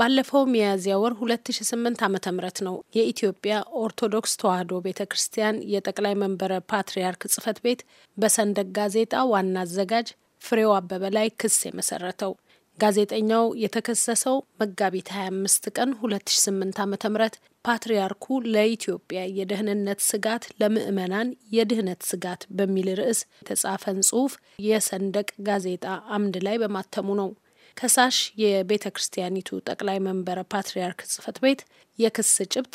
ባለፈው ሚያዝያ ወር 2008 ዓ ም ነው የኢትዮጵያ ኦርቶዶክስ ተዋህዶ ቤተ ክርስቲያን የጠቅላይ መንበረ ፓትርያርክ ጽህፈት ቤት በሰንደቅ ጋዜጣ ዋና አዘጋጅ ፍሬው አበበ ላይ ክስ የመሰረተው። ጋዜጠኛው የተከሰሰው መጋቢት 25 ቀን 2008 ዓ ም ፓትርያርኩ ለኢትዮጵያ የደህንነት ስጋት ለምዕመናን የድህነት ስጋት በሚል ርዕስ የተጻፈን ጽሁፍ የሰንደቅ ጋዜጣ አምድ ላይ በማተሙ ነው። ከሳሽ የቤተ ክርስቲያኒቱ ጠቅላይ መንበረ ፓትርያርክ ጽህፈት ቤት የክስ ጭብጥ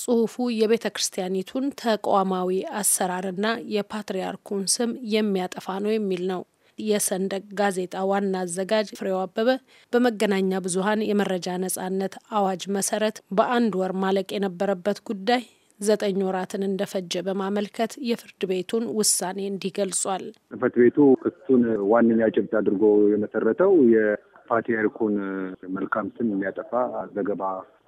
ጽሁፉ የቤተ ክርስቲያኒቱን ተቋማዊ አሰራርና የፓትርያርኩን ስም የሚያጠፋ ነው የሚል ነው። የሰንደቅ ጋዜጣ ዋና አዘጋጅ ፍሬው አበበ በመገናኛ ብዙሀን የመረጃ ነጻነት አዋጅ መሰረት በአንድ ወር ማለቅ የነበረበት ጉዳይ ዘጠኝ ወራትን እንደፈጀ በማመልከት የፍርድ ቤቱን ውሳኔ እንዲገልጿል። ጽህፈት ቤቱ ክሱን ዋነኛ ጭብጥ አድርጎ የመሰረተው ፓትርያርኩን መልካም ስም የሚያጠፋ ዘገባ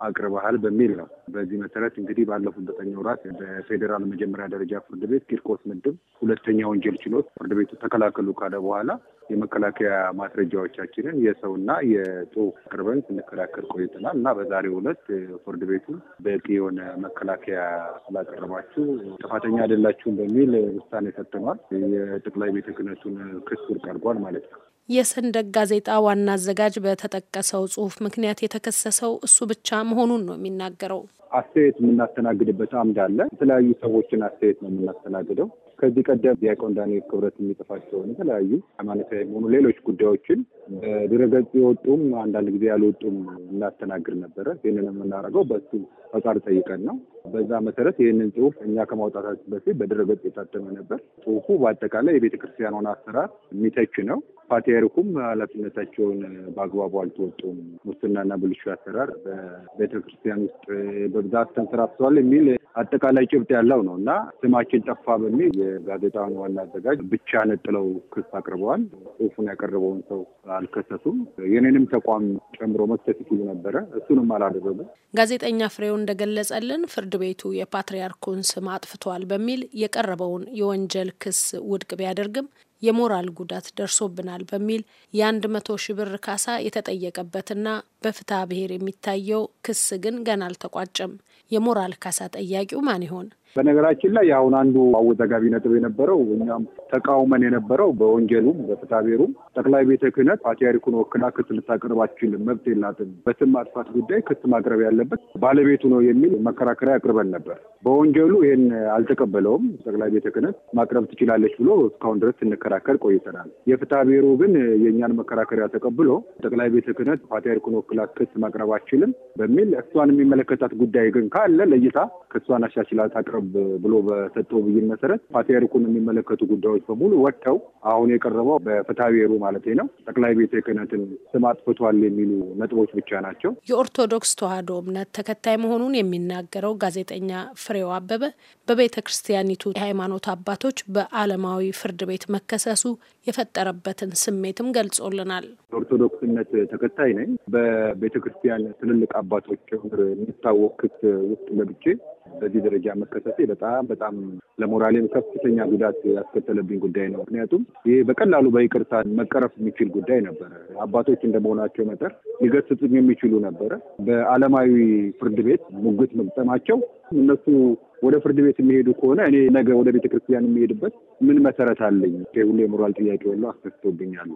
አቅርበሃል በሚል ነው። በዚህ መሰረት እንግዲህ ባለፉት ዘጠኝ ወራት በፌዴራል መጀመሪያ ደረጃ ፍርድ ቤት ቂርቆስ ምድብ ሁለተኛ ወንጀል ችሎት ፍርድ ቤቱ ተከላከሉ ካለ በኋላ የመከላከያ ማስረጃዎቻችንን የሰውና የጽሁፍ አቅርበን ስንከላከል ቆይተናል እና በዛሬው ዕለት ፍርድ ቤቱ በቂ የሆነ መከላከያ ስላቀረባችሁ ጥፋተኛ አይደላችሁም በሚል ውሳኔ ሰጥተኗል። የጠቅላይ ቤተ ክህነቱን ክስ ማለት ነው። የሰንደቅ ጋዜጣ ዋና አዘጋጅ በተጠቀሰው ጽሁፍ ምክንያት የተከሰሰው እሱ ብቻ መሆኑን ነው የሚናገረው። አስተያየት የምናስተናግድበት አምድ አለ። የተለያዩ ሰዎችን አስተያየት ነው የምናስተናግደው። ከዚህ ቀደም ዲያቆን ዳንኤል ክብረት የሚጽፋቸውን የተለያዩ ሃይማኖታዊ የሆኑ ሌሎች ጉዳዮችን በድረገጽ የወጡም አንዳንድ ጊዜ ያልወጡም እናስተናግድ ነበረ። ይህንን የምናደርገው በሱ ፈቃድ ጠይቀን ነው። በዛ መሰረት ይህንን ጽሁፍ እኛ ከማውጣታችን በፊት በድረገጽ የታተመ ነበር። ጽሁፉ በአጠቃላይ የቤተክርስቲያኑን አሰራር የሚተች ነው። ፓትርያርኩ ክሌሪኩም ኃላፊነታቸውን በአግባቡ አልተወጡም፣ ሙስናና ብልሹ አሰራር በቤተክርስቲያን ውስጥ በብዛት ተንሰራፍተዋል የሚል አጠቃላይ ጭብጥ ያለው ነው እና ስማችን ጠፋ በሚል የጋዜጣውን ዋና አዘጋጅ ብቻ ነጥለው ክስ አቅርበዋል። ጽሁፉን ያቀረበውን ሰው አልከሰሱም። የኔንም ተቋም ጨምሮ መክሰስ ይችሉ ነበረ፣ እሱንም አላደረጉ። ጋዜጠኛ ፍሬው እንደገለጸልን ፍርድ ቤቱ የፓትርያርኩን ስም አጥፍቷል በሚል የቀረበውን የወንጀል ክስ ውድቅ ቢያደርግም የሞራል ጉዳት ደርሶብናል በሚል የአንድ መቶ ሺ ብር ካሳ የተጠየቀበትና በፍትሐ ብሔር የሚታየው ክስ ግን ገና አልተቋጨም። የሞራል ካሳ ጠያቂው ማን ይሆን? በነገራችን ላይ አሁን አንዱ አወዛጋቢ ነጥብ የነበረው እኛም ተቃውመን የነበረው በወንጀሉም በፍትሐብሔሩም ጠቅላይ ቤተ ክህነት ፓትርያርኩን ወክላ ክስ ልታቀርብ አትችልም፣ መብት የላትም፣ በስም ማጥፋት ጉዳይ ክስ ማቅረብ ያለበት ባለቤቱ ነው የሚል መከራከሪያ አቅርበን ነበር። በወንጀሉ ይህን አልተቀበለውም። ጠቅላይ ቤተ ክህነት ማቅረብ ትችላለች ብሎ እስካሁን ድረስ ስንከራከር ቆይተናል። የፍትሐብሔሩ ግን የእኛን መከራከሪያ ተቀብሎ ጠቅላይ ቤተ ክህነት ፓትርያርኩን ወክላ ክስ ማቅረብ አትችልም በሚል እሷን የሚመለከታት ጉዳይ ግን ካለ ለይታ ክሷን አሻችላ ታቅርብ ብሎ በሰጠው ብይን መሰረት ፓትርያርኩን የሚመለከቱ ጉዳዮች በሙሉ ወጥተው አሁን የቀረበው በፍትሐ ብሔሩ ማለት ነው ጠቅላይ ቤተ ክህነትን ስም አጥፍቷል የሚሉ ነጥቦች ብቻ ናቸው። የኦርቶዶክስ ተዋህዶ እምነት ተከታይ መሆኑን የሚናገረው ጋዜጠኛ ፍሬው አበበ በቤተ ክርስቲያኒቱ የሃይማኖት አባቶች በዓለማዊ ፍርድ ቤት መከሰሱ የፈጠረበትን ስሜትም ገልጾልናል። የኦርቶዶክስነት ተከታይ ነኝ። በቤተ ክርስቲያን ትልልቅ አባቶች ጭምር የሚታወቅ ክት ውስጥ ገብቼ በዚህ ደረጃ መከሰሴ በጣም በጣም ለሞራሌም ከፍተኛ ጉዳት ያስከተለብኝ ጉዳይ ነው። ምክንያቱም ይህ በቀላሉ በይቅርታ መቀረፍ የሚችል ጉዳይ ነበረ። አባቶች እንደመሆናቸው መጠር ሊገስጹኝ የሚችሉ ነበረ። በዓለማዊ ፍርድ ቤት ሙግት መግጠማቸው እነሱ ወደ ፍርድ ቤት የሚሄዱ ከሆነ እኔ ነገ ወደ ቤተ ክርስቲያን የሚሄድበት ምን መሰረት አለኝ? ሁሉ የሞራል ጥያቄ ሁሉ አስነስቶብኛል።